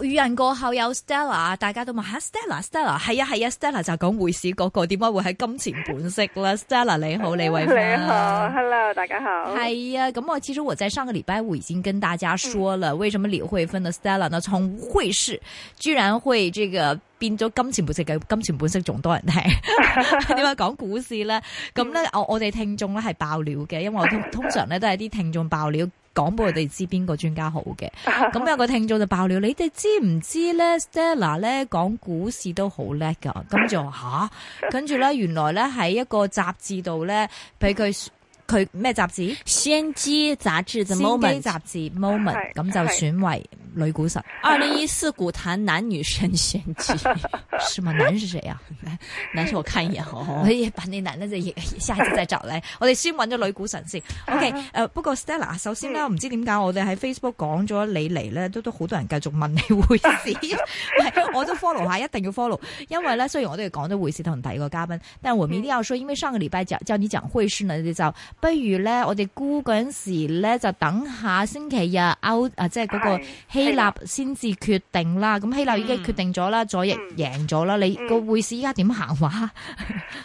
語人過後有 Stella，大家都問下 Stella，Stella 係啊係啊 Stella, Stella,，Stella 就講講匯市嗰個點解會喺金錢本色啦。 Stella 你好，李慧芬。你好，Hello， 你好 大家好。係啊，咁我其實我在上個禮拜五已經跟大家說了，為什麼李慧芬的 Stella 呢，從匯市居然會這個變咗金錢本色嘅金錢本色仲多人聽，點解講股市咧？咁 咧，我我哋聽眾咧係爆料嘅，因為我通通常咧都係啲聽眾爆料。講俾我哋知邊個專家好嘅，咁有個聽眾就爆料：你哋知唔知咧？Stella 咧，講股市都好叻㗎，咁就吓，跟住咧，原來咧，喺一個雜誌度咧俾佢。佢咩雜誌？《先機雜誌》《moment》雜誌《moment》，咁就選為女股神。二零一四股壇男女神選舉是嗎？男是誰啊？男人，我看一眼， 我亦把那男人再下次再找嚟。我哋先揾咗女股神先。OK，誒、 呃，不過 Stella，首先咧，唔知點解我哋喺 Facebook 講咗你嚟咧，都都好多人繼續問你會事。 我都 follow 下，一定要 follow，因為咧，雖然我都要講到匯市同第二個嘉賓，但係我咪一定要說，因為上個禮拜就就你講匯市嗱，你就不如咧，我哋估嗰陣時咧就等下星期日歐，即係嗰個希臘先至決定啦。咁希臘已經決定咗啦、嗯，左翼贏咗啦、嗯，你個匯市依家點行話？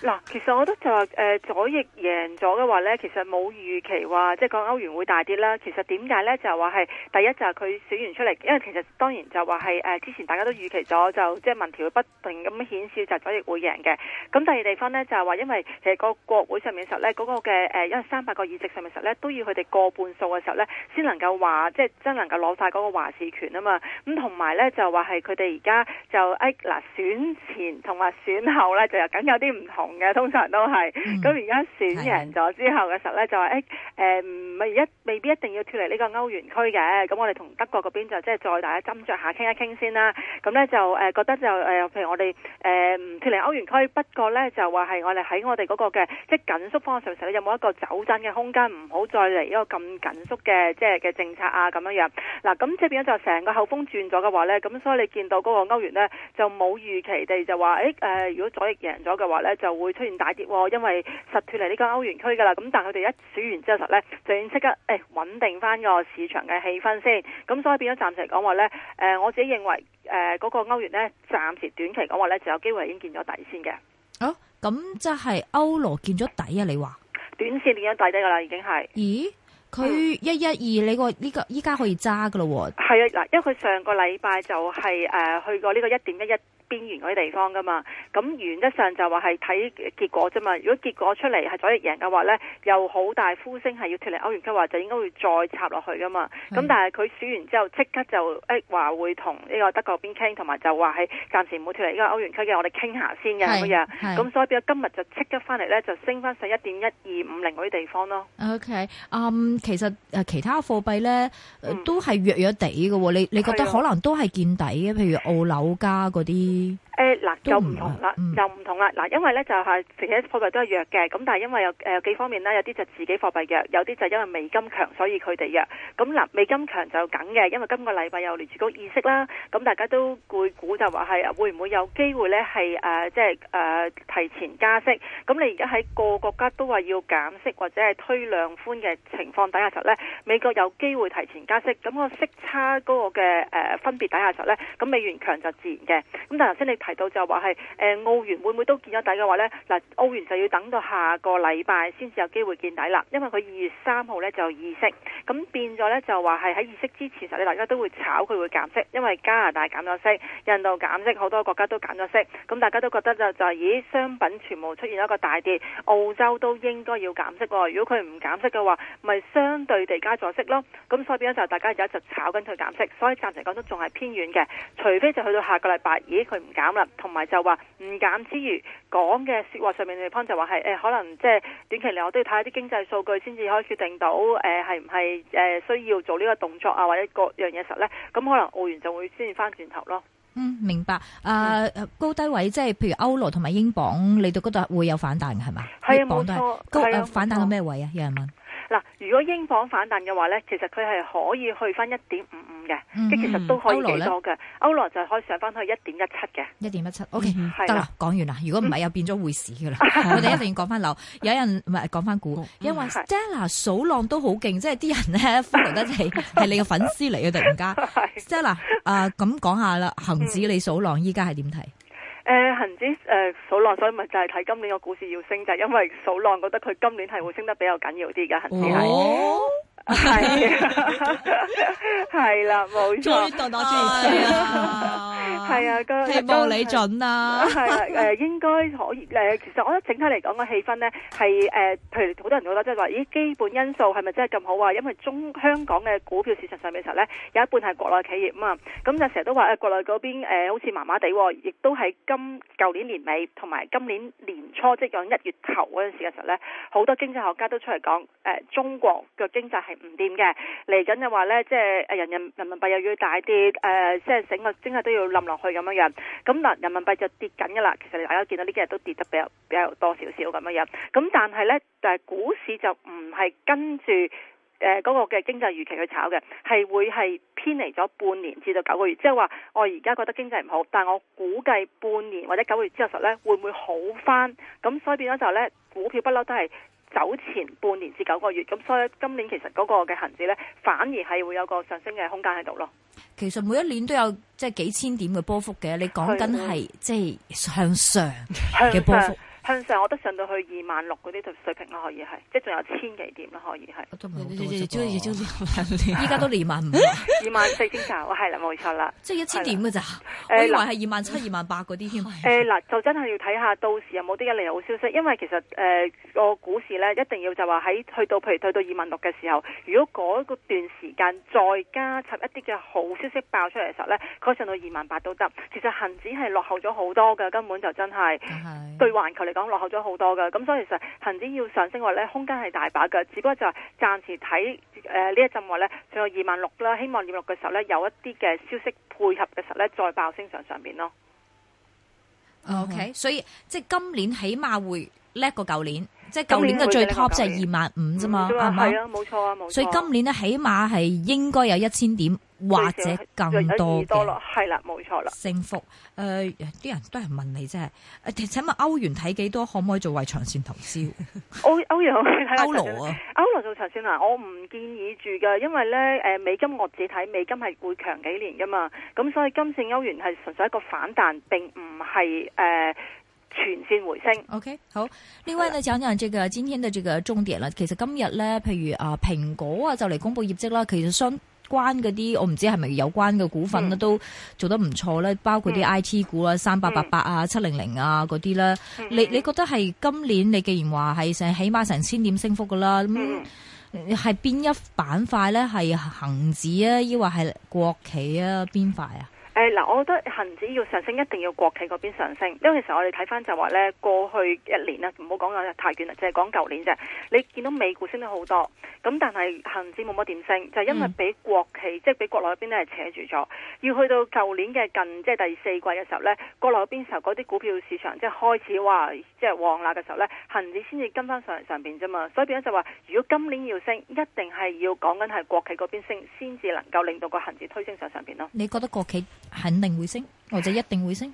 嗱，其實我都就誒、呃，左翼贏咗嘅話咧，其實冇預期話即係講歐元會大跌啦。其實點解咧？就話係第一就係佢選完出嚟，因為其實當然就話係誒，之前大家都預期咗。我就即係民調會不斷咁顯示，就左翼會贏嘅。咁第二地方呢，就係話，因為其實個國會上面嘅時候咧，嗰、那個嘅誒、呃，因為三百個議席上面嘅時候咧，都要佢哋過半數嘅時候咧，先能夠話即係真能夠攞晒嗰個話事權啊嘛。咁同埋咧就話係佢哋而家就誒嗱、啊、選前同埋選後咧，就又梗有啲唔同嘅，通常都係。咁而家選贏咗之後嘅時候咧，就話誒誒唔係而家未必一定要脱離呢個歐元區嘅。咁我哋同德國嗰邊就即係再大家再斟酌一下，傾一傾先啦。咁咧就。誒覺得就誒，譬如我哋誒唔脱離歐元區，不過咧就話係我哋喺我哋嗰個嘅即係緊縮方向上，其實有冇一個走盞嘅空間，唔好再嚟一個咁緊縮嘅即係嘅政策啊咁樣樣。嗱、啊，咁即係變咗就成個口風轉咗嘅話咧，咁所以你見到嗰個歐元咧就冇預期地就話誒誒，如果左翼贏咗嘅話咧就會出現大跌喎、哦，因為實脱離呢個歐元區噶啦。咁但係佢哋一選完之後實咧就已經即刻誒穩定翻個市場嘅氣氛先。咁所以變咗暫時講話咧誒，我自己認為誒嗰、呃那個歐元咧，暫時短期講話咧就有機會已經見咗底先嘅。啊、哦，咁即係歐羅見咗底啊？你話短綫點樣底底噶啦？已經係，咦？佢一一二，你個呢個依家可以揸噶咯？係啊，嗱，因為佢上個禮拜就係、是、誒、呃、去過呢個一點一一。邊緣嗰啲地方噶嘛，咁原則上就話係睇結果啫嘛。如果結果出嚟係左翼贏嘅話咧，又好大呼聲係要脫離歐元區話，就應該會再插落去噶嘛。咁但係佢選完之後即刻就誒話會同呢個德國邊傾，同埋就話係暫時唔好脫離呢個歐元區嘅，我哋傾下先嘅咁樣。咁所以變咗今日就即刻翻嚟咧，就升翻上一點一二五零嗰啲地方咯。OK，um, 其實誒其他貨幣咧都係弱弱哋嘅，你你覺得可能都係見底嘅，譬如澳紐加嗰啲。誒嗱，又唔同啦，就唔同啦。嗱，因為咧就係成啲貨幣都係弱嘅，咁但係因為有誒幾方面啦，有啲就自己貨幣弱，有啲就因為美金強，所以佢哋弱。咁嗱，美金強就梗嘅，因為今個禮拜有聯儲局意識啦。咁大家都會估就話係會唔會有機會咧係誒即係誒提前加息？咁你而家喺個國家都話要減息或者係推量寬嘅情況底下時候咧，美國有機會提前加息，咁個息差嗰個嘅誒分別底下時候咧，咁美元強就自然嘅。咁但係頭先你到就話係誒澳元會唔會都見咗底嘅話呢？嗱，澳元就要等到下個禮拜先至有機會見底啦，因為佢二月三號呢就議息咁變咗呢，就話係喺議息之前實咧，大家都會炒佢會減息，因為加拿大減咗息，印度減咗息，好多國家都減咗息，咁大家都覺得就就係咦，商品全部出現一個大跌，澳洲都應該要減息喎、哦。如果佢唔減息嘅話，咪相對地加咗息咯。咁所以變咗就大家而家就在炒緊佢減息，所以暫時講都仲係偏遠嘅，除非就去到下個禮拜，咦佢唔減。同埋就話唔減之餘講嘅說話上面嘅地方就話係誒，可能即係短期嚟，我都要睇下啲經濟數據先至可以決定到誒，係唔係誒需要做呢個動作啊，或者各樣嘢實咧，咁可能澳元就會先至翻轉頭咯。嗯，明白。啊、呃，高低位即係譬如歐羅同埋英鎊，你到嗰度會有反彈嘅係嘛？係啊，冇錯。高、嗯、反彈到咩位啊？有人問。嗱，如果英鎊反彈嘅話咧，其實佢係可以去翻一點五五嘅，即、嗯、其實都可以幾多嘅。歐羅就可以上翻去一點一七嘅，一點一七。O K，得啦，講完啦。如果唔係又變咗匯市嘅啦，我哋一定要講翻樓， 有人唔係講翻股，因為 Stella 數浪都好勁，即係啲人咧 follow 得嚟係 你嘅粉絲嚟嘅突然間。Stella，啊咁講下啦，恒指你數浪依家係點睇？誒、嗯呃、恆指。誒、呃，數浪，所以咪就係睇今年個股市要升，就係、是、因為數浪覺得佢今年係會升得比較緊要啲噶係、哦，係啦，冇 錯， 中意凍凍，中意升，係 啊、哎呀， 希望你準啊 是！係誒、呃，應該可以誒、呃，其實我覺得整體嚟講個氣氛咧，係、呃、誒，譬如好多人覺得即係話，咦，基本因素係咪真係咁好啊？因為中香港嘅股票市場上面嘅時候咧，有一半係國內企業啊嘛，咁就成日都話誒、呃，國內嗰邊誒，好似麻麻地，亦都係今舊年年。美同埋今年年初即係講一月頭嗰陣時嘅時候咧，好多經濟學家都出嚟講、呃，中國嘅經濟係唔掂嘅，嚟緊嘅話咧，即係人人人民幣又要大跌，即、呃、係整個經濟都要冧落去咁樣樣。咁嗱，人民幣就跌緊噶啦。其實大家見到呢幾日都跌得比較比較多少少咁樣樣。咁但係咧，就係股市就唔係跟住。誒、呃，嗰、那個嘅經濟預期去炒嘅，係會係偏離咗半年至到九個月，即係話我而家覺得經濟唔好，但係我估計半年或者九個月之後實咧會唔會好返？咁所以變咗就咧，股票不嬲都係走前半年至九個月，咁所以今年其實嗰個嘅恒指咧，反而係會有個上升嘅空間喺度咯。其實每一年都有即係、就是、幾千點嘅波幅嘅，你講緊係即係向上嘅波幅。是的是的是的。上我都上到去二萬六嗰啲水平啦，可以係，即係仲有千幾點啦，可以係。我依家、啊、都二萬五，二萬四千九，係啦，冇錯啦。即係一千點嘅咋、啊？我以為係二萬七、二萬八嗰啲添。誒、啊、嗱、啊 啊，就真係要睇下到時有冇啲一利好消息，因為其實誒、呃嗰個股市咧一定要就話喺去到譬如去到二萬六嘅時候，如果嗰段時間再加插一啲嘅好消息爆出嚟嘅時候咧，可以上到二萬八都得。其實恒指係落後咗好多嘅，根本就真係對環球嚟講。講落後咗好多噶，咁所以其實恒指要上升嘅話咧，空間係大把噶，只不過就暫時睇誒、呃、呢一陣話咧，仲有二萬六啦，希望二萬六嘅時候咧，有一啲嘅消息配合嘅時候咧，再爆升上上面咯。OK，、嗯、所以即係今年起碼會叻過舊年，即係舊年嘅最 top 就係二萬五啫嘛，係咪、嗯、啊？冇錯啊，冇錯、啊。所以今年咧起碼係應該有一千點。或者更多嘅，係啦，冇錯啦。升幅，誒，啲人都係問你啫，誒，請問歐元睇幾多，可唔可以做為長線投資？歐歐元睇下先啊，歐羅做長線啊，我唔建議住嘅，因為咧，誒，美金我自己睇，美金係會強幾年噶嘛，咁所以今次歐元係純粹一個反彈，並唔係誒全線回升。OK，好。另外呢講講這個今天的這個重點啦。其實今日咧，譬如啊，蘋果啊，就嚟公布業績啦，其實相。關嗰啲我唔知係咪有關嘅股份咧，嗯、都做得唔錯咧，包括啲 IT 股啊，三八八八啊，七零零啊嗰啲啦。你你覺得係今年你既然話係成起碼成千點升幅噶啦，咁係邊一板塊咧係恒指啊，抑或係國企啊邊塊啊？誒，嗱，我覺得恒指要上升，一定要國企嗰邊上升。因為其實我哋睇翻就話咧，過去一年啦，唔好講咁太遠啦，淨係講舊年啫。你見到美股升得好多，咁但係恒指冇乜點升，就係，因為俾國企，嗯、即係俾國內嗰邊咧係扯住咗。要去到舊年嘅近即係第四季嘅時候咧，國內嗰邊時候嗰啲股票市場即係開始話即係旺啦嘅時候咧，恒指先至跟翻上上邊啫嘛。所以變咗就話，如果今年要升，一定係要講緊係國企嗰邊升，先至能夠令到個恒指推升上上邊咯。你覺得國企？肯定會升，或者一定會升。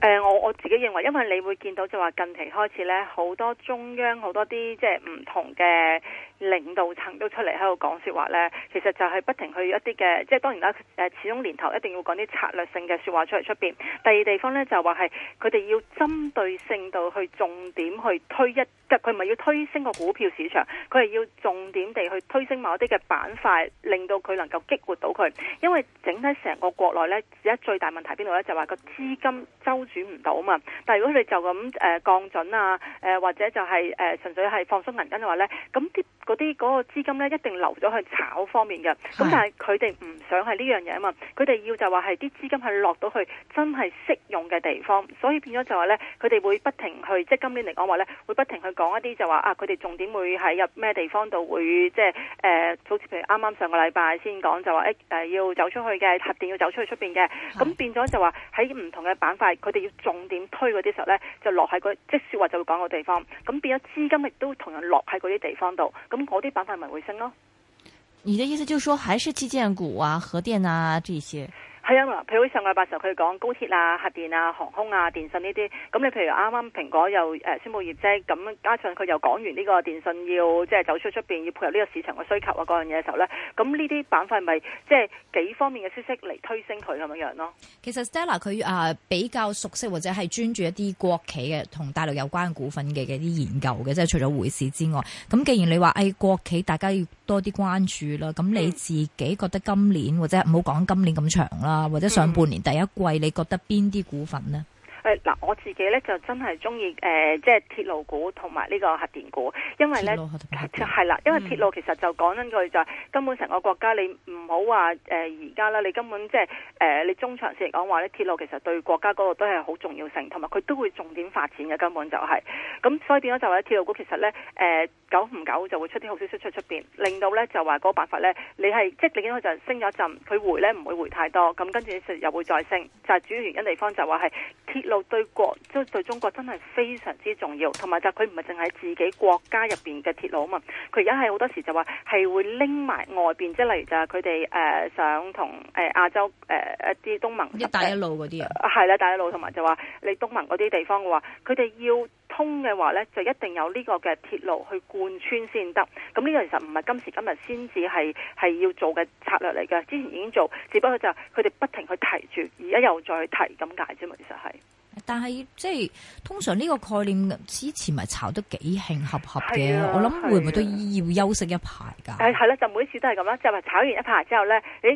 誒、呃，我我自己認為，因為你會見到就話近期開始咧，好多中央好多啲即係唔同嘅，領導層都出嚟喺度講説話呢，其實就係不停去一啲嘅，即係當然啦。始終年頭一定要講啲策略性嘅説話出嚟出邊。第二地方呢，就話係佢哋要針對性到去重點去推一，佢唔係要推升個股票市場，佢係要重點地去推升某啲嘅板塊，令到佢能夠激活到佢。因為整體成個國內呢，而家最大問題邊度呢？就話個資金周轉唔到啊嘛。但係如果你就咁誒降準啊，誒或者就係誒純粹係放鬆銀根嘅話呢。咁啲。嗰啲嗰個資金咧一定留咗去炒方面嘅，咁但係佢哋唔想係呢樣嘢啊嘛，佢哋要就話係啲資金係落到去真係適用嘅地方，所以變咗就話咧，佢哋會不停去，即係今年嚟講話咧，會不停去講一啲就話啊，佢哋重點會喺入咩地方度會即係誒、呃，好似譬如啱啱上個禮拜先講就話誒、欸呃、要走出去嘅核電要走出去出面嘅，咁變咗就話喺唔同嘅板塊，佢哋要重點推嗰啲時候咧，就落喺、個即係說話就會講個地方，咁變咗資金亦都同樣落喺嗰啲地方度。咁嗰啲板塊咪回升咯。你的意思就是說，還是基建股啊、核電啊這些？係啊，譬如上個禮拜時候佢講高鐵啊、核電啊、航空啊、電信呢啲，咁你譬如啱啱蘋果又誒、呃、宣布業績，咁加上佢又講完呢個電信要即係走出出邊，要配合呢個市場嘅需求啊嗰樣嘢嘅時候咧，咁呢啲板塊咪、就是、即係幾方面嘅消息嚟推升佢咁樣樣咯？其實 Stella 佢啊比較熟悉或者係專注一啲國企嘅同大陸有關的股份嘅嘅啲研究嘅，即係除咗匯市之外，咁既然你話誒、哎、國企大家要多啲關注啦，咁你自己覺得今年或者唔好講今年咁長啦。啊，或者上半年第一季，嗯、你覺得邊啲股份呢？嗱，我自己咧就真係中意誒，即係鐵路股同埋呢個核電股，因為咧係啦，因為鐵路其實就講緊句就係、根本成個國家，你唔好話誒而家啦，你根本即係誒你中長線嚟講話咧，鐵路其實對國家嗰個都係好重要性，同埋佢都會重點發展嘅，根本就係、係、咁，所以變咗就話鐵路股其實咧誒、呃、久唔久就會出啲好消息出出邊，令到咧就話嗰個辦法咧，你係即係點講就升咗一陣，佢回咧唔會回太多，咁跟住又會再升，就係、係、主要原因地方就話係鐵路。就對國即係對中國真係非常之重要，同埋就佢唔係淨係自己國家入邊嘅鐵路啊嘛，佢而家係好多時就話係會拎埋外邊，即係例如就係佢哋誒想同誒、呃、亞洲誒一啲東盟、一帶一路嗰啲啊，係、呃、啦，一帶一路同埋就話、是、你東盟嗰啲地方嘅話，佢哋要通嘅話呢，就一定有呢個嘅鐵路去貫穿先得。咁呢個其實唔係今時今日先至係係要做嘅策略嚟嘅，之前已經做，只不過就係佢哋不停去提住，而家又再去提咁解啫嘛，其實係。但係即係通常呢個概念之前咪炒得幾興合合嘅、啊，我諗會唔會都要休息一排噶？係、啊，係啦、啊，就每次都係咁啦，即係話炒完一排之後咧，誒、哎、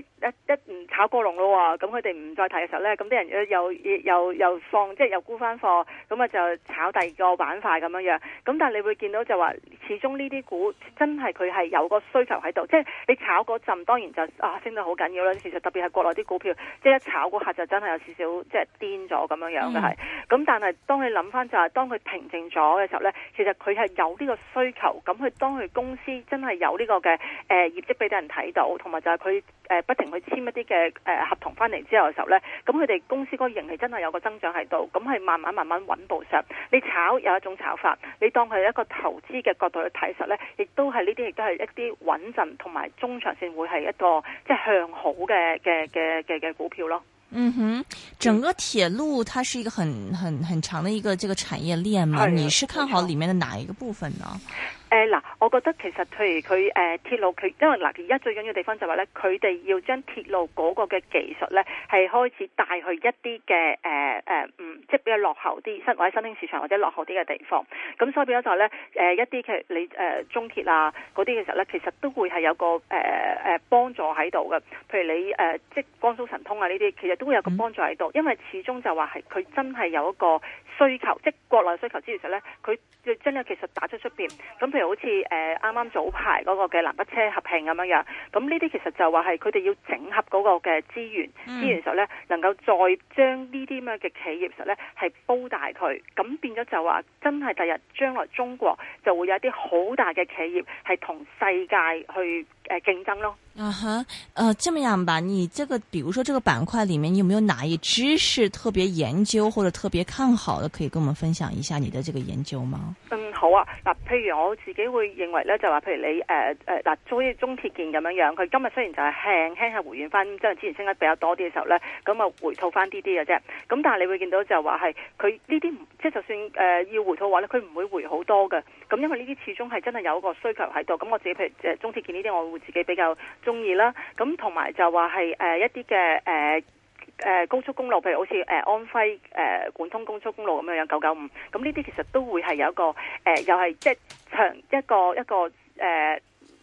一一唔炒過龍咯，咁佢哋唔再提嘅時候咧，咁啲人又又又又放，即係又沽翻貨，咁啊就炒第二個板塊咁樣樣。咁但係你會見到就話，始終呢啲股真係佢係有個需求喺度，即係你炒嗰陣，當然就啊升得好緊要啦。其實特別係國內啲股票，即係一炒嗰下就真係有少少即係癲咗咁樣樣、嗯咁但係當佢諗翻就係當佢平靜咗嘅時候呢，其實佢係有呢個需求。咁佢當佢公司真係有呢個嘅誒業績俾啲人睇到，同埋就係佢誒不停去簽一啲嘅誒合同翻嚟之後嘅時候呢，咁佢哋公司個盈利真係有個增長喺度。咁係慢慢慢慢穩步上。你炒有一種炒法，你當佢一個投資嘅角度去睇實呢，亦都係呢啲亦都係一啲穩陣同埋中長線會係一個即係、就是、向好嘅嘅嘅嘅嘅股票咯。嗯哼，整個鐵路它是一個很很很長的一個這個產業鏈嘛，你是看好裏面的哪一個部分呢？誒、嗯、嗱，我覺得其實譬如佢誒鐵路佢，因為嗱而家最緊要嘅地方就係話咧，佢哋要將鐵路嗰個嘅技術咧係開始帶去一啲嘅誒誒，嗯，即係比較落後啲，新或者新興市場或者落後啲嘅地方。咁所以變咗就咧，誒、呃、一啲嘅你誒、呃、中鐵啊嗰啲嘅時候咧，其實都會係有個誒誒幫助喺度嘅。譬如你誒、呃、即係江蘇神通啊呢啲，其實都會有個幫助喺度，因為始終就話係佢真係有一個需求，即係國內需求之餘實咧，佢將呢個技術打出出邊咁。例如好似誒，啱啱早排嗰個嘅南北車合併咁樣樣，咁呢啲其實就話係佢哋要整合嗰個嘅資源、資源時候咧能夠再將呢啲咁樣嘅企業實咧係煲大佢，咁變咗就話真係第日將來中國就會有一啲好大嘅企業係同世界去誒競爭咯。啊吓，呃，這麼樣吧，你這個，比如說這個板塊裏面，你有沒有哪一隻是特別研究或者特別看好的，可以跟我們分享一下你的這個研究嗎？嗯，好啊，嗱，譬如我自己會認為咧，就話譬如你誒誒，嗱、呃，做、呃、一中鐵建咁樣樣，佢今日雖然就係輕輕係回軟翻，即係之前升得比較多啲嘅時候咧，咁、嗯、啊回吐翻啲啲嘅啫，咁、嗯、但係你會見到就話係佢呢啲，即係就算誒、呃、要回吐嘅話咧，佢唔會回好多嘅，咁、嗯、因為呢啲始終係真係有一個需求喺度，咁、嗯、我自己譬如誒中鐵建呢啲，我會自己比較。中意啦，咁同埋就話係誒一啲嘅誒誒高速公路，譬如好似誒安徽誒貫、呃、通高速公路咁樣有九九五，咁呢啲其實都會係有一個誒、呃、又係即長一個一個誒誒、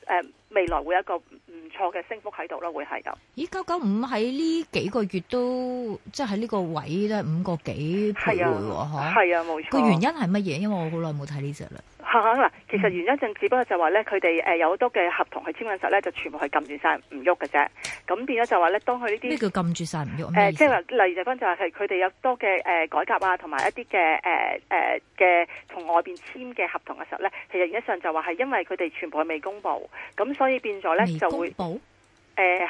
呃、未來會有一個唔錯嘅升幅喺度啦，會喺度。咦，九九五喺呢幾個月都即喺呢個位咧五個幾徘徊係啊，冇、啊、錯。個、啊、原因係乜嘢？因為我好耐冇睇呢隻啦。嗱、嗯，其實原因正只不過就話咧，佢哋誒有好多嘅合同去簽嘅時候咧，就全部係撳住晒唔喐嘅啫。咁變咗就話咧，當佢呢啲咩叫撳住晒唔喐？誒，即係話，就是，例如就講就係佢哋有多嘅誒改革啊，同埋一啲嘅誒誒嘅從外邊簽嘅合同嘅時候咧，其實原則上就話係因為佢哋全部係未公布，咁所以變咗咧就，就會誒，嗱，呃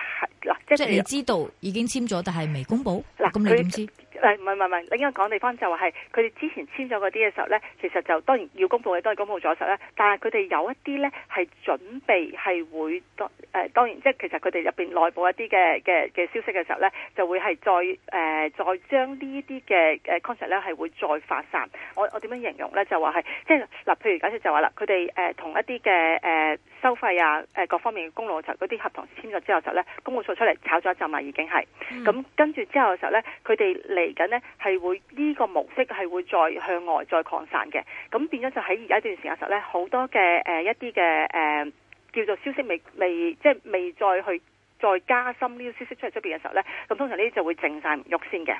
就是，即係你知道已經簽咗，但係未公布，嗱，咁你點知？誒唔係唔係，你應該講地方就話係佢哋之前簽咗嗰啲嘅時候咧，其實就當然要公佈嘅都係公佈咗實咧。但係佢哋有一啲咧係準備係會當誒、呃、當然即係、就是、其實佢哋入邊內部一啲嘅嘅嘅消息嘅時候咧，就會係再誒、呃、再將呢啲嘅誒 concept 咧係會再發散。我我點樣形容咧？就話係即係嗱，譬、就是、如假設就話啦，佢哋誒同一啲嘅誒。呃收費啊！誒、呃，各方面嘅公路就嗰啲合同簽咗之後，就咧公務署出嚟炒咗一陣嘛，已經係咁、嗯嗯、跟住之後嘅時候咧，佢哋嚟緊呢係會呢個模式係會再向外再擴散嘅。咁變咗就喺而家一段時間嘅時候咧，好多嘅誒、呃、一啲嘅誒叫做消息未未即係未再去再加深呢個消息出嚟出面嘅時候咧，咁通常呢啲就會靜晒唔喐先嘅。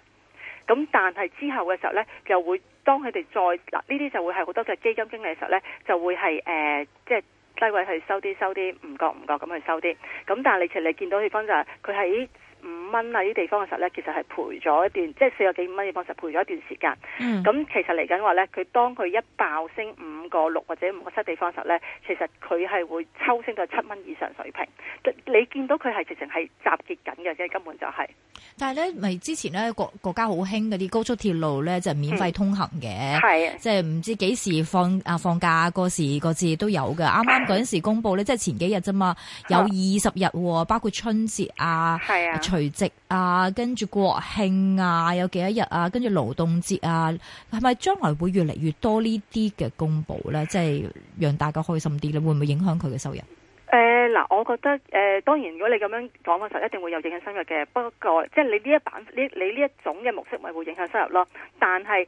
咁但係之後嘅時候咧，又會當佢哋再嗱呢啲就會係好多嘅基金經理嘅時候咧，就會係誒、呃、即係。低位去收啲，收啲，唔覺，唔覺，咁去收啲，咁但係，你其實你見到氣氛就係佢喺。五蚊啊！啲地方嘅時候咧，其實係賠咗一段，即係四個幾五蚊嘅地方實賠咗一段時間。咁、嗯、其實嚟緊話咧，佢當佢一爆升五個六或者五個七地方嘅時候咧，其實佢係會抽升到七蚊以上水平。你見到佢係直情係集結緊嘅，啫，根本就係、是。但係咧，咪之前咧國國家好興嗰啲高速鐵路咧，就是免費通行嘅，係即係唔知幾時放啊放假個時個節都有嘅。啱啱嗰陣時公佈咧，即係前幾日啫嘛，有二十日，包括春節啊，係啊。除夕啊，跟住國慶啊，有幾多日啊？跟住勞動節啊，係咪將來會越嚟越多呢啲嘅公布呢？即係讓大家開心啲咧，會唔會影響佢嘅收入？誒，嗱，我覺得誒、呃，當然如果你咁樣講嘅時候，一定會有影響收入嘅。不過，即係你呢一版，呢你呢一種嘅模式咪會影響收入咯。但係。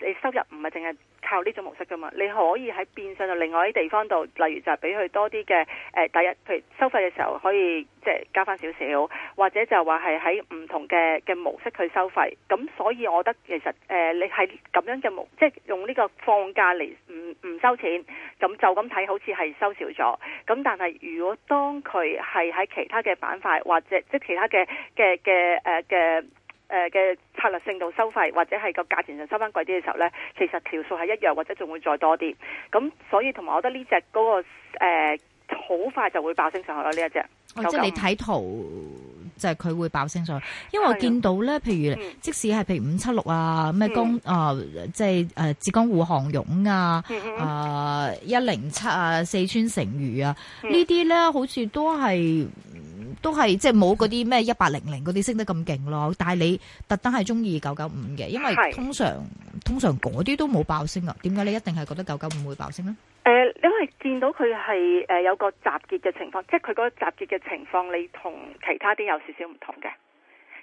你收入唔係淨係靠呢種模式噶嘛？你可以喺變相到另外啲地方度，例如就係俾佢多啲嘅誒，第一譬如收費嘅時候可以即係加返少少，或者就話係喺唔同嘅嘅模式去收費。咁所以我覺得其實誒、呃，你係咁樣嘅模，即係用呢個放假嚟唔唔收錢，咁就咁睇好似係收少咗。咁但係如果當佢係喺其他嘅板塊或者即係其他嘅嘅嘅誒嘅。誒、呃、嘅策略性度收費，或者係個價錢上收翻貴啲嘅時候咧，其實條數係一樣，或者仲會再多啲。咁所以同埋，我覺得呢隻嗰個好、那個呃、快就會爆升上去咯。呢一隻即係你睇圖，就係、是、佢會爆升上去。因為我見到咧，譬如、嗯、即使係譬如五七六啊，咩江啊，即係誒浙江滬杭甬啊，啊一零七啊，四川成渝啊，嗯、呢啲咧好似都係。都係即係冇嗰啲咩一八零零嗰啲升得咁勁咯，但係你特登係中意九九五嘅，因為通常通常嗰啲都冇爆升啊。點解你一定係覺得九九五會爆升咧？誒、呃，因為見到佢係誒有個集結嘅情況，即係佢嗰個集結嘅情況，你同其他啲有少少唔同嘅。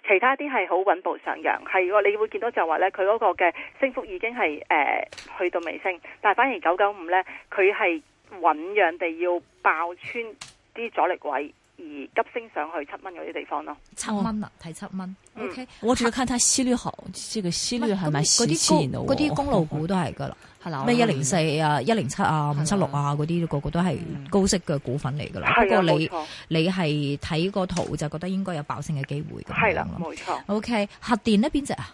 其他啲係好穩步上揚，係個你會見到就話咧，佢嗰個嘅升幅已經係誒、呃、去到尾聲。但係反而九九五咧，佢係醞釀地要爆穿啲阻力位。而急升上去七蚊嗰啲地方咯，七蚊啊，睇、哦、七蚊。嗯、o、okay、K，我仲要看它息率好，即係個息率係咪死氣？嗰啲高嗰啲公路股都係噶啦，係、嗯、啦，咩一零四啊、一零七啊、五七六啊嗰啲，嗯那個個都係高息嘅股份嚟噶啦。不、嗯嗯、過你你係睇個圖就覺得應該有爆升嘅機會咁樣咯。冇、嗯、錯。O、okay、K，核電呢邊隻啊？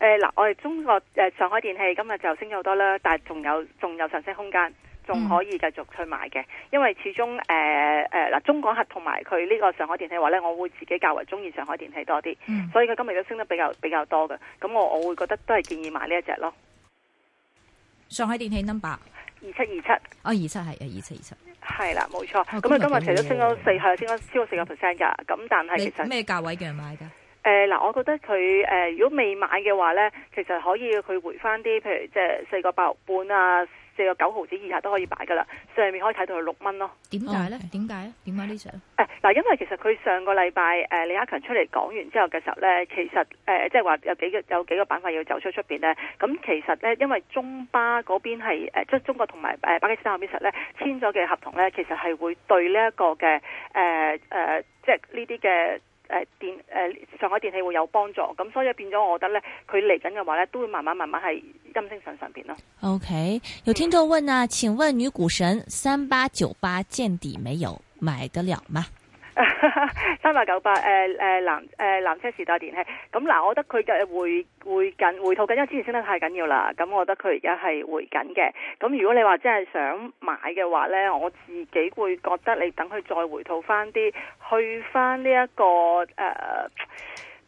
誒嗱、呃，我哋中國誒、呃、上海電氣今日就升咗好多啦，但係仲有仲有上升空間。仲可以繼續去買嘅、嗯，因為始終誒誒嗱，中港核同埋佢呢個上海電器話咧，我會自己較為中意上海電器多啲、嗯，所以佢今日都升得比較比較多嘅。咁我我會覺得都係建議買呢一隻咯。上海電器 number 二七二七，哦二七係啊二七二七，係啦冇錯。咁、哦、啊今日其實都升咗四，係升咗超過四個 percent 噶。咁但係其實咩價位嘅人買噶？誒嗱，我覺得佢誒、呃、如果未買嘅話咧，其實可以佢回翻啲，譬如即係四個八毫半啊。四個九毫子以下都可以擺噶啦，上面可以睇到係六蚊咯。點解咧？點解咧？點解呢誒，嗱、啊，因為其實佢上個禮拜誒李克強出嚟講完之後嘅時候咧，其實誒即係話有幾個有幾個板塊要走出出邊咧。咁其實咧，因為中巴嗰邊係誒即係中國同埋誒巴基斯坦嗰邊實咧簽咗嘅合同咧，其實係會對呢一個嘅誒誒，即係呢啲嘅。誒電誒、呃、上海電器會有幫助，咁所以變咗我覺得咧，佢嚟緊嘅話咧，都會慢慢慢慢喺金星上上邊咯。OK，有聽眾問啊，請問女股神三八九八見底沒有？買得了嗎？ 三八九八誒誒南，誒、呃、南、呃呃、車時代電器咁嗱、嗯，我覺得佢嘅回回緊回吐緊，因為之前升得太緊要啦。咁我覺得佢而家係回緊嘅。咁如果你話真係想買嘅話咧，我自己會覺得你等佢再回吐翻啲，去翻呢一個誒、呃、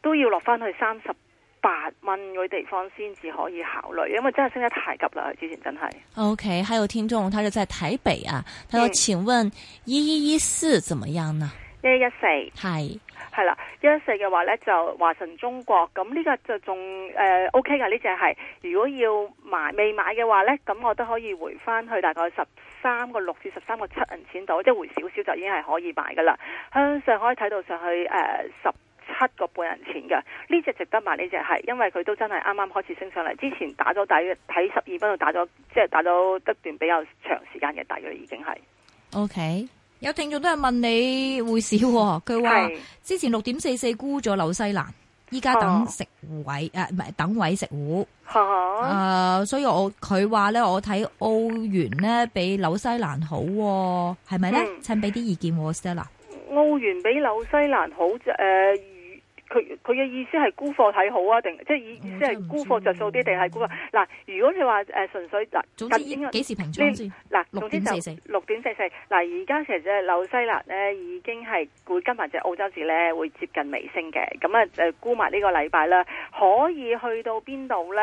都要落翻去三十八蚊嗰啲地方先至可以考慮，因為真係升得太急啦。之前真係。OK，還有聽眾，他是在台北啊，他說，嗯、請問一一一四怎麼樣呢？一一四係係啦，一一四嘅話呢，就華晨中國，咁呢個就仲誒 O K 噶呢隻係。如果要買未買嘅話呢，咁我都可以回翻去大概十三個六至十三個七銀錢度，即係回少少就已經係可以買噶啦。向上可以睇到上去誒十七個半銀錢噶，呢隻值得買，呢隻係，因為佢都真係啱啱開始升上嚟，之前打咗底喺十二分度打咗，即係打咗一段比較長時間嘅，大約已經係 O K。Okay. 有聽眾都係問你會市，佢話之前六點四四沽咗紐西蘭，依家等食位誒，唔、啊、係、呃、等位食糊，誒、啊呃，所以我佢話咧，我睇澳元咧比紐西蘭好，係咪咧？請俾啲意見 Stella 澳元比紐西蘭好誒。是佢佢嘅意思係沽貨睇好啊？定即係以即係沽貨着數啲定係沽？嗱，如果你話誒純粹嗱，總幾時平倉嗱，總之就點六點四四。嗱，而家其實紐西蘭咧已經係會跟埋隻澳洲指咧會接近尾聲嘅。咁啊誒沽埋呢個禮拜啦，可以去到邊度咧？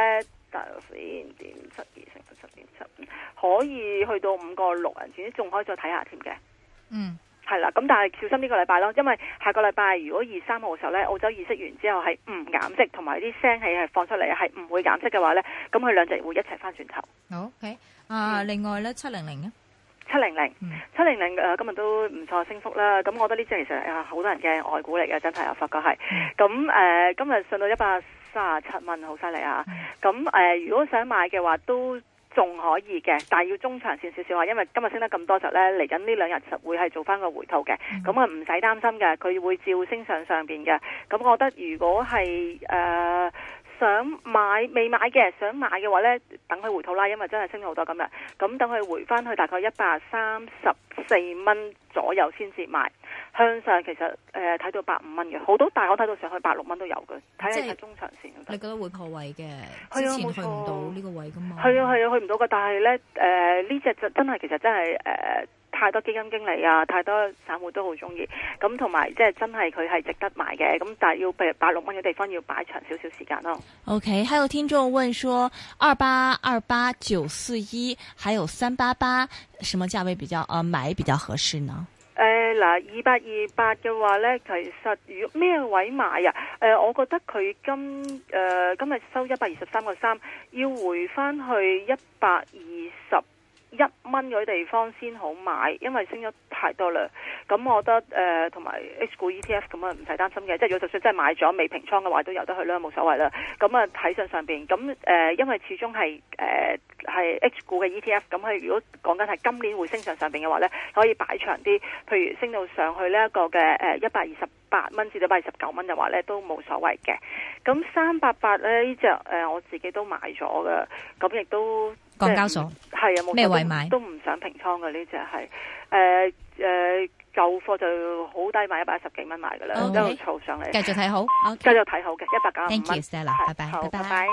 達六點七二乘七點七五，可以去到五個六人總仲可以再睇下添嘅。嗯。係啦，咁但係小心呢個禮拜咯，因為下個禮拜如果二三號嘅時候咧，澳洲議息完之後係唔減息，同埋啲聲氣係放出嚟，係唔會減息嘅話咧，咁佢兩隻會一齊翻轉頭。好、okay.，k 啊，另外咧七零零啊，七零零，七零零，誒、呃，今日都唔錯升幅啦。咁我覺得呢隻其實啊，好多人嘅外股嚟嘅真係我發覺係。咁、嗯、誒、呃，今日上到一百三十七蚊，好犀利啊！咁誒、呃，如果想買嘅話都。仲可以嘅，但係要中長線少少呀，因為今日升得咁多，就呢嚟緊呢兩日實會係做翻個回吐嘅。咁啊唔使擔心嘅，佢會照升上上邊嘅。咁我覺得如果係誒、呃、想買未買嘅想買嘅話呢，等佢回吐啦，因為真係升咗好多今日。咁等佢回翻去大概一百三十四蚊左右先至買。向上其實誒睇、呃、到百五蚊嘅好多，但係我睇到上去百六蚊都有嘅。睇下中長線，你覺得會破位嘅？係冇去唔到呢個位噶嘛？係、這個、啊係啊，去唔到嘅。但係咧誒呢隻、呃這個、就真係其實真係誒、呃、太多基金經理啊，太多散戶都好鍾意。咁同埋即係真係佢係值得買嘅。咁但係要譬如百六蚊嘅地方要擺長少少時間咯。OK，還有聽眾問說二八二八九四一，28, 28, 9, 4, 1, 還有三八八，什麼價位比較？呃、啊，買比較合適呢？誒嗱，二百二八嘅話咧，其實如果咩位買啊？誒、uh，我覺得佢今誒、uh, 今日收一百二十三個三，要回翻去一百二。一蚊嗰啲地方先好買，因為升咗太多啦。咁我覺得誒同埋 H 股 ETF 咁啊唔使擔心嘅，即係如果就算真係買咗未平倉嘅話，都由得去啦，冇所謂啦。咁啊睇上上面。咁誒、呃、因為始終係誒係 H 股嘅 ETF，咁佢如果講緊係今年會升上上面嘅話咧，可以擺長啲。譬如升到上去呢一個嘅誒一百二十八蚊至到一百二十九蚊嘅話咧，都冇所謂嘅。咁三八八咧呢隻、這個呃、我自己都買咗嘅，咁亦都。交所係啊，冇咩位買，都唔想平倉嘅。呢隻係，誒誒舊貨就好低買，okay. 一百一十幾蚊買噶啦，就做上嚟繼續睇好，繼、okay. 續睇好嘅一百九十五蚊，謝啦，拜拜，拜拜。